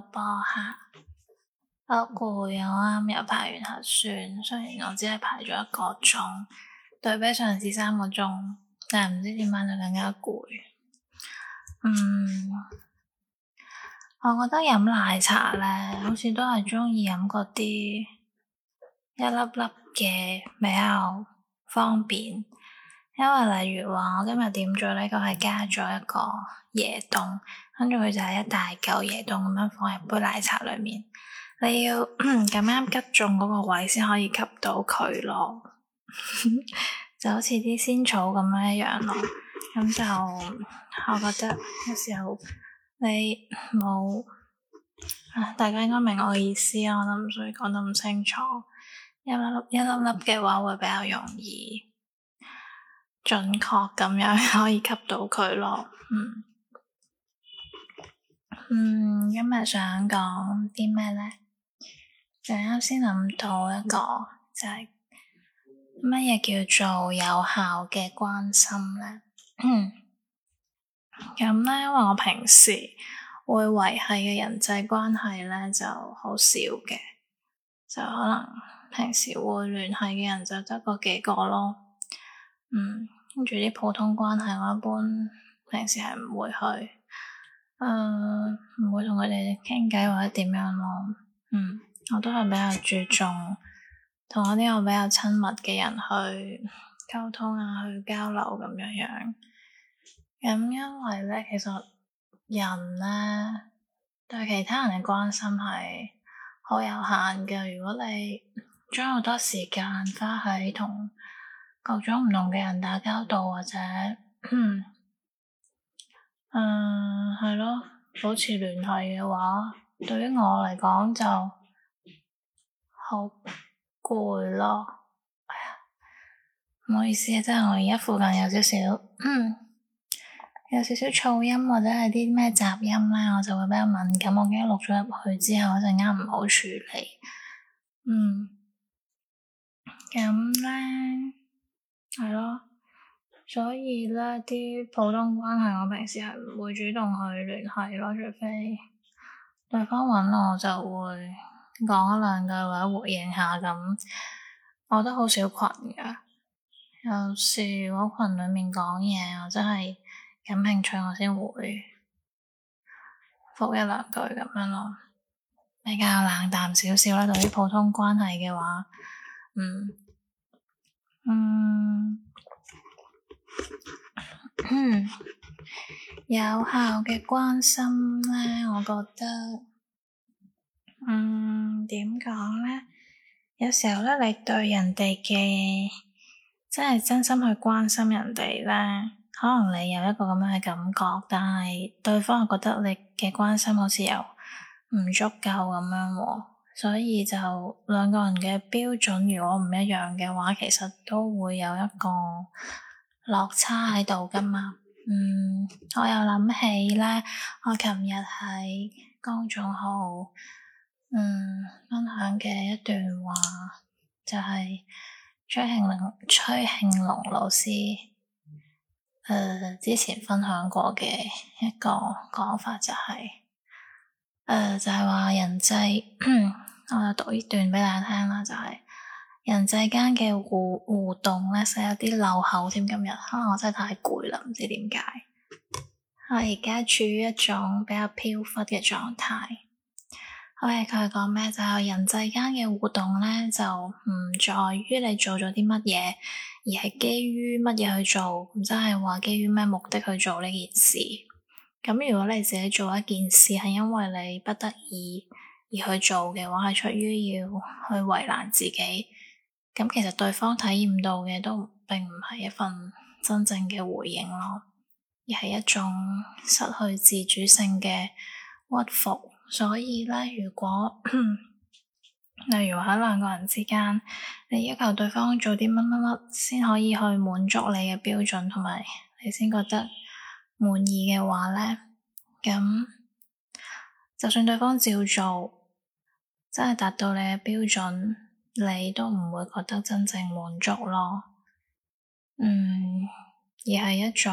播客，好攰。我啱又排完核酸，雖然我只係排咗一個鐘，對比上次三個鐘，但係唔知點解就更加攰。嗯，我覺得飲奶茶咧，好似都係中意飲嗰啲一粒粒嘅，比較方便。因為例如話，我今日點咗呢個係、就是、加咗一個椰凍，跟住佢就係一大嚿椰凍咁樣放入杯奶茶裏面。你要咁啱吉中嗰個位先可以吸到佢咯， 就好似啲仙草咁樣一樣咯。咁就我覺得有時候你冇，啊，大家應該明我意思啊，我諗所以講得咁清楚，一粒粒一粒粒嘅話會比較容易。準確咁樣可以吸到佢咯，嗯，嗯，今日想講啲咩咧？就啱先諗到一個，就係乜嘢叫做有效嘅關心咧？咁、嗯、咧、嗯嗯，因為我平時會維繫嘅人際關係咧就好少嘅，就可能平時會聯繫嘅人就得嗰幾個咯，嗯。跟住啲普通關係，我一般平時係唔會去，誒、呃、唔會同佢哋傾偈或者點樣咯。嗯，我都係比較注重同一啲我比較親密嘅人去溝通啊，去交流咁樣樣。咁、嗯、因為咧，其實人咧對其他人嘅關心係好有限嘅。如果你將好多時間花喺同各種唔同嘅人打交道，或者，嗯，係 咯、uh，保持聯繫嘅話，對於我嚟講就好攰咯。唔 好意思啊，真係我而家附近有少少，嗯， 有少少噪音或者係啲咩雜音咧，我就會比較敏感，我驚錄咗入去之後我陣間唔好處理。嗯，咁咧。係咯，所以呢啲普通關係我平時係唔會主動去聯繫咯，除非對方揾我就會講一兩句或者回應下咁，我都好少群嘅。有時我群裏面講嘢，我真係感興趣我先會覆一兩句咁樣咯，比較冷淡少少啦。對於普通關係嘅話，嗯。嗯， 有效嘅關心咧，我覺得，嗯，點講咧？有時候咧，你對人哋嘅真係真心去關心人哋咧，可能你有一個咁樣嘅感覺，但係對方覺得你嘅關心好似又唔足夠咁樣喎。所以就兩個人嘅標準，如果唔一樣嘅話，其實都會有一個落差喺度噶嘛。嗯，我又諗起咧，我琴日喺公眾號嗯分享嘅一段話，就係、係、崔慶龍崔慶龍老師誒、呃、之前分享過嘅一個講法、就係呃，就係誒就係話人際。 我就讀呢段畀大家聽啦，就係、是、人際間嘅互互動咧，使有啲漏口添。今日可能我真係太攰啦，唔知點解。我而家處於一種比較飄忽嘅狀態。我係佢講咩？就係、是、人際間嘅互動咧，就唔在於你做咗啲乜嘢，而係基於乜嘢去做，即係話基於咩目的去做呢件事。咁如果你自己做一件事，係因為你不得已。而去做嘅話，係出於要去為難自己。咁其實對方體驗到嘅都並唔係一份真正嘅回應咯，而係一種失去自主性嘅屈服。所以咧，如果 例如話喺兩個人之間，你要求對方做啲乜乜乜先可以去滿足你嘅標準，同埋你先覺得滿意嘅話咧，咁就算對方照做，真係達到你嘅標準，你都唔會覺得真正滿足咯。嗯，而係一種，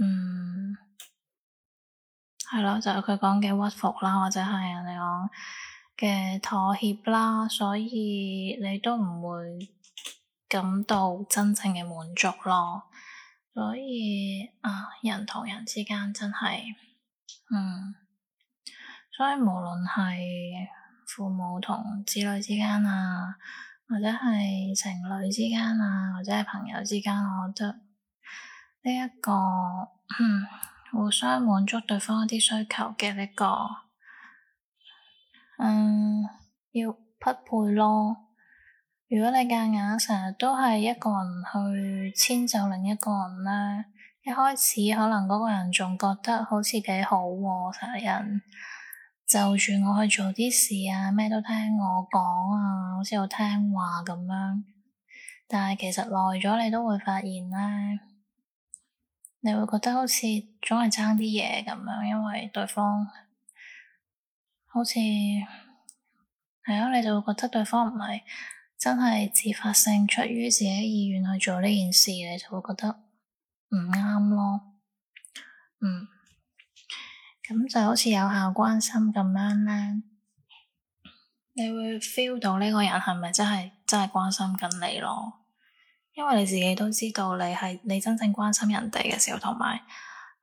嗯，係咯，就係佢講嘅屈服啦，或者係人哋講嘅妥協啦，所以你都唔會感到真正嘅滿足咯。所以，啊，人同人之間真係，嗯。所以，無論係父母同子女之間啊，或者係情侶之間啊，或者係朋友之間，我覺得呢、呢、一個互相、嗯、滿足對方一啲需求嘅呢、呢個，嗯，要匹配咯。如果你夾硬成日都係一個人去遷就另一個人咧，一開始可能嗰個人仲覺得好似幾好喎、啊，成日人就住我去做啲事啊，咩都聽我講啊，好似好聽話咁樣。但係其實耐咗，你都會發現咧，你會覺得好似總係爭啲嘢咁樣，因為對方好似係啊，你就會覺得對方唔係真係自發性出於自己意願去做呢件事，你就會覺得唔啱咯，嗯。咁就好似有效關心咁樣咧，你會 feel 到呢個人係咪真係真係關心緊你咯？因為你自己都知道你，你係你真正關心人哋嘅時候，同埋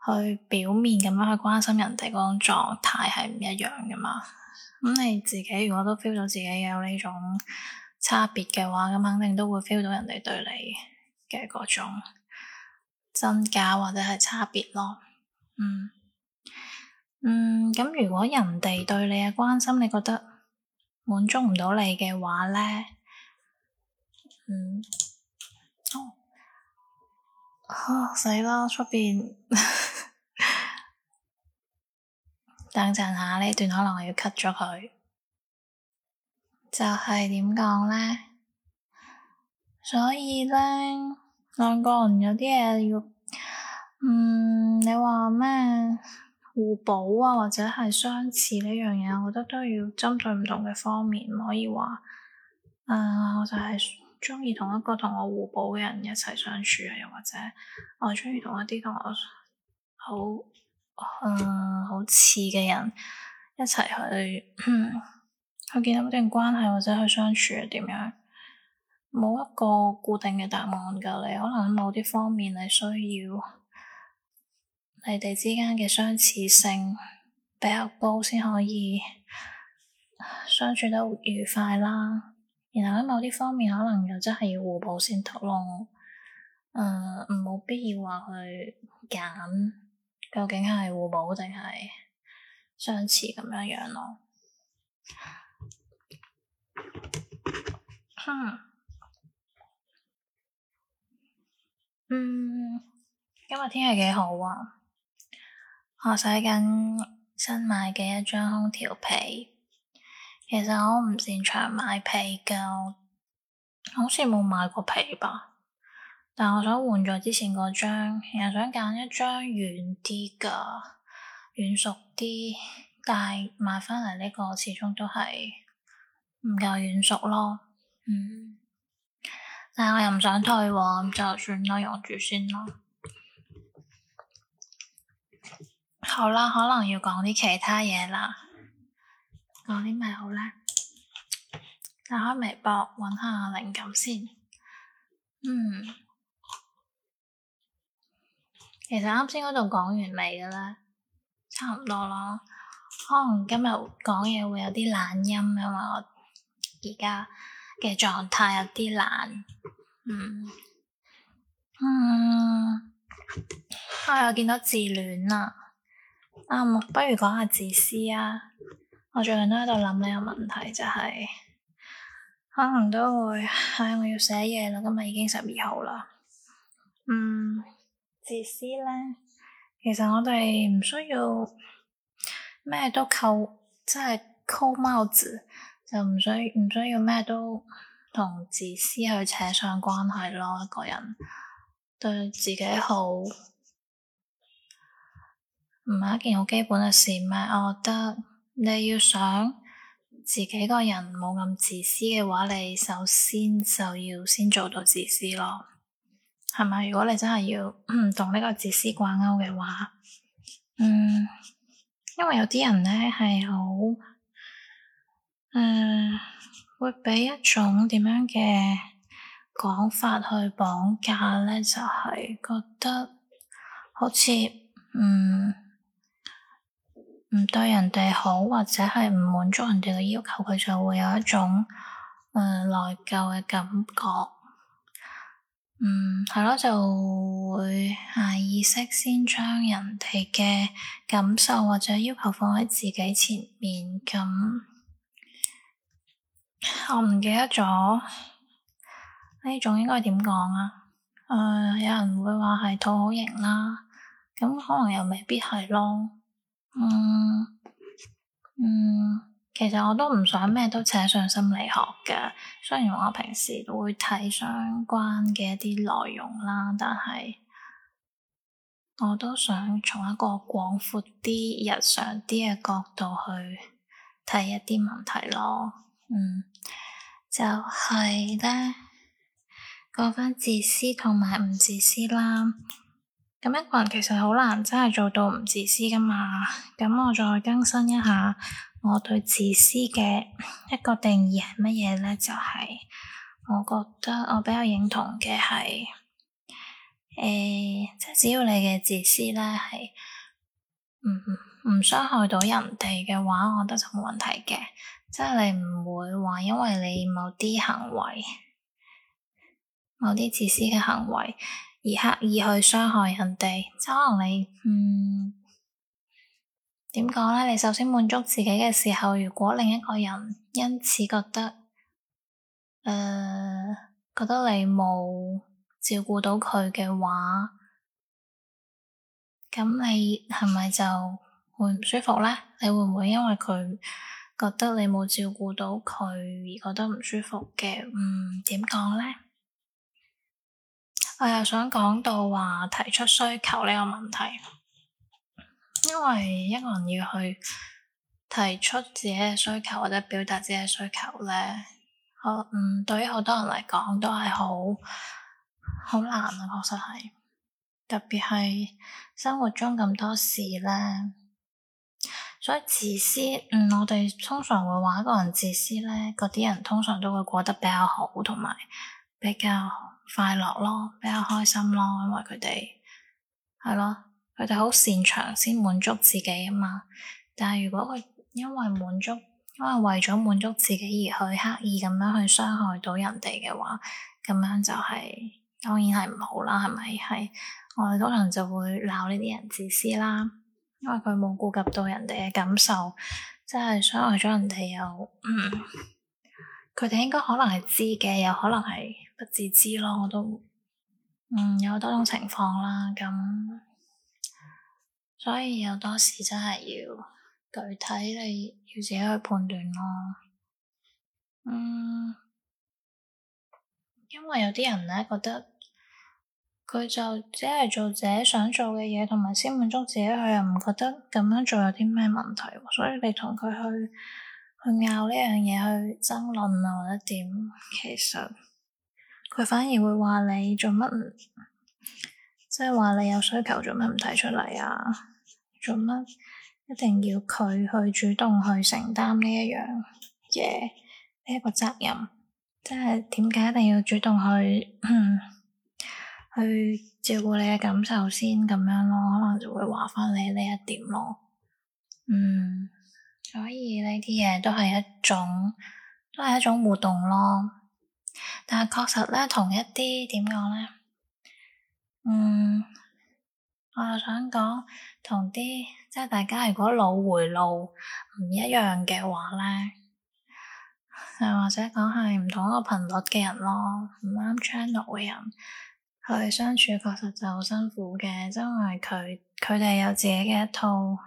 佢表面咁樣去關心人哋嗰種狀態係唔一樣噶嘛。咁你自己如果都 feel 到自己有呢種差別嘅話，咁肯定都會 feel 到人哋對你嘅嗰種真假或者係差別咯。嗯。嗯，咁如果人哋對你嘅關心你覺得滿足唔到你嘅話咧，嗯，哦，死咯，出邊 等陣下呢段可能我要 cut 咗佢，就係點講咧？所以咧，兩個人有啲嘢要，嗯，你話咩？互補啊，或者係相似呢樣嘢，我覺得都要針對唔同嘅方面，唔可以話，誒、呃，我就係中意同一個同我互補嘅人一齊相處啊，又或者我中意同一啲同我好，嗯，好似嘅人一齊去去建立某啲關係，或者去相處點樣，冇一個固定嘅答案噶，你可能喺某啲方面係需要。你哋之間嘅相似性比較高先可以相處得愉快啦。然後喺某啲方面可能又真係要互補先得咯。誒、呃，冇必要話去揀究竟係互補定係相似咁樣樣咯。哼，嗯，今日天，天氣幾好啊！我使緊新買嘅一張空調被。其實我唔擅長買被，噶，好似冇買過被吧。但我想換咗之前嗰張，又想揀一張軟啲噶，軟熟啲。但係買翻嚟呢個始終都係唔夠軟熟咯，嗯。但係我又唔想退喎，就算啦，用住先啦。好啦，可能要講啲其他嘢啦，講啲咩好呢？打開微博揾下靈感先。嗯，其實啱先我仲講完未嘅啦，差唔多啦。可能今日講嘢會有啲懶音啊嘛，而家嘅狀態有啲懶。嗯，嗯，哎，我又見到自戀啦。啊、嗯，不如講下自私啊！我最近都喺度諗呢個問題，就係，就係可能都會唉，我要寫嘢啦，今日已經十二號啦。嗯，自私咧，其實我哋唔需要咩都扣，即係扣帽子，就唔需唔需要咩都同自私去扯上關係咯。一個人對自己好，唔係一件好基本嘅事，唔係我覺得你要想自己個人冇咁自私嘅話，你首先就要先做到自私咯，係咪？如果你真係要同呢個自私掛鈎嘅話，嗯，因為有啲人咧係好，誒、呃，會俾一種點樣嘅講法去綁架咧，就係、是、覺得好似嗯。唔對人哋好，或者係唔滿足人哋嘅要求，佢就會有一種誒呃、內疚嘅感覺。嗯，係咯，就會啊、下意識先將人哋嘅感受或者要求放喺自己前面。咁我唔記得咗呢種應該點講啊？誒、呃，有人會話係討好型啦，咁可能又未必係咯。嗯嗯，其實我都唔想咩都扯上心理學㗎，雖然我平時都會睇相關嘅一啲內容啦，但係我都想從一個廣闊啲、日常啲嘅角度去睇一啲問題咯。嗯，就係呢，講返自私同埋唔自私啦。咁一個人其實好難真係做到唔自私噶嘛。咁我再更新一下我對自私嘅一個定義係乜嘢咧？就係、是、我覺得我比較認同嘅係，誒、欸，即係只要你嘅自私咧係唔唔傷害到人哋嘅話，我覺得就冇問題嘅。即係你唔會話因為你某啲行為、某啲自私嘅行為。而刻意去傷害人哋，即可能你，嗯，點講咧？你首先滿足自己嘅時候，如果另一個人因此覺得，誒、呃，覺得你冇照顧到佢嘅話，咁你係咪就會唔舒服咧？你會唔會因為佢覺得你冇照顧到佢而覺得唔舒服嘅？嗯，點講咧？我又想講到話提出需求呢個問題，因為一個人要去提出自己嘅需求或者表達自己嘅需求咧，可，嗯，對於好多人嚟講都係好好難啊，確實係，特別係生活中咁多事咧，所以自私，嗯，我哋通常會話一個人自私咧，嗰啲人通常都會過得比較好，同埋比較。快樂咯，比較開心咯，因為佢哋係咯，佢哋好擅長先滿足自己啊嘛。但係如果佢因為滿足，因為為咗滿足自己而去刻意咁樣去傷害到人哋嘅話，咁樣就係、是、當然係唔好啦，係咪係？我哋通常就會鬧呢啲人自私啦，因為佢冇顧及到人哋嘅感受，即係傷害咗人哋又，嗯，佢哋應該可能係知嘅，又可能係。不自知咯，我都，嗯，有好多種情況啦，咁所以有多時真係要具體，你要自己去判斷咯。嗯，因為有啲人咧覺得佢就只係做自己想做嘅嘢，同埋先滿足自己，佢又唔覺得咁樣做有啲咩問題，所以你同佢去去拗呢樣嘢去爭論啊，或者點，其實。佢反而會話你做乜，即係話你有需求做乜唔提出嚟啊？做乜一定要佢去主動去承擔呢一樣嘢呢一個責任？即係點解一定要主動去 去照顧你嘅感受先咁樣咯？可能就會話翻你呢一點咯。嗯，所以呢啲嘢都係一種，都係一種互動咯。但係確實咧，同一啲點講咧，嗯，我就想講同啲即係大家如果腦回路唔一樣嘅話咧，又或者講係唔同一個頻率嘅人咯，唔啱 channel 嘅人去相處，確實就好辛苦嘅，因為佢佢哋有自己嘅一套，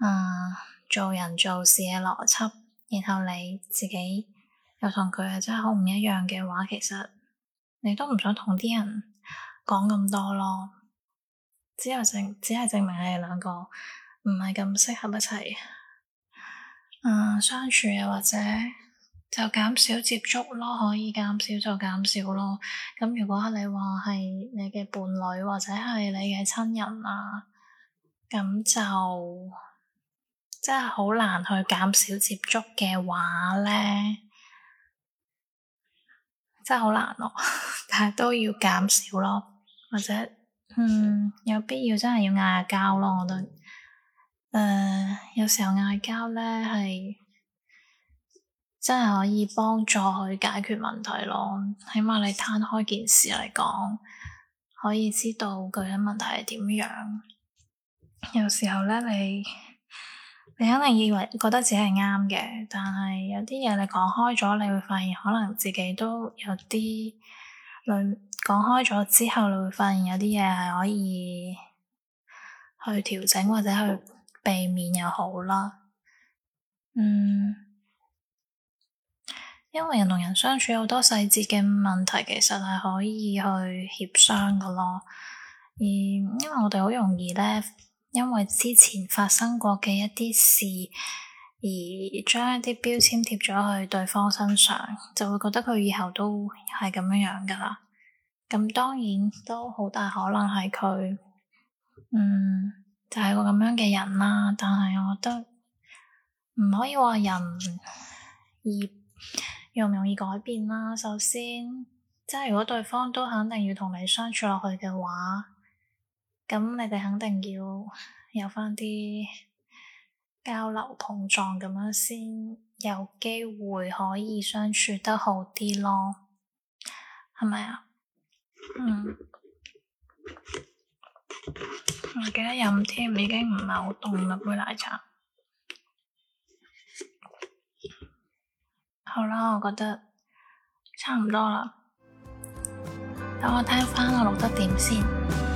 嗯，做人做事嘅邏輯，然後你自己。又同佢係真係好唔一樣嘅話，其實你都唔想同啲人講咁多咯。只有證只係證明你哋兩個唔係咁適合一齊，嗯，相處又或者就減少接觸咯，可以減少就減少咯。咁如果係你話係你嘅伴侶或者係你嘅親人啊，咁就真係好難去減少接觸嘅話咧。真係好難咯、啊，但係都要減少咯，或者，嗯，有必要真係要嗌下交咯，我覺得誒、呃、有時候嗌交咧係真係可以幫助佢解決問題咯，起碼你攤開件事嚟講，可以知道究竟問題係點樣。有時候咧你。你肯定以為覺得自己係啱嘅，但係有啲嘢你講開咗，你會發現可能自己都有啲累，講開咗之後你會發現有啲嘢係可以去調整或者去避免又好啦。嗯，因為人同人相處好多細節嘅問題，其實係可以去協商㗎咯。而因為我哋好容易咧。因為之前發生過嘅一啲事，而將一啲標籤貼咗去對方身上，就會覺得佢以後都係咁樣樣噶啦。咁當然都好大可能係佢，嗯，就係個咁樣嘅人啦。但係我覺得唔可以話人容唔容易改變啦。首先，即係如果對方都肯定要同你相處落去嘅話。咁你哋肯定要有翻啲交流碰撞咁樣，先有機會可以相處得好啲咯，係咪啊？嗯，我記得飲添，已經唔係好凍啦杯奶茶。好啦，我覺得差唔多啦，等我聽翻我錄得點先。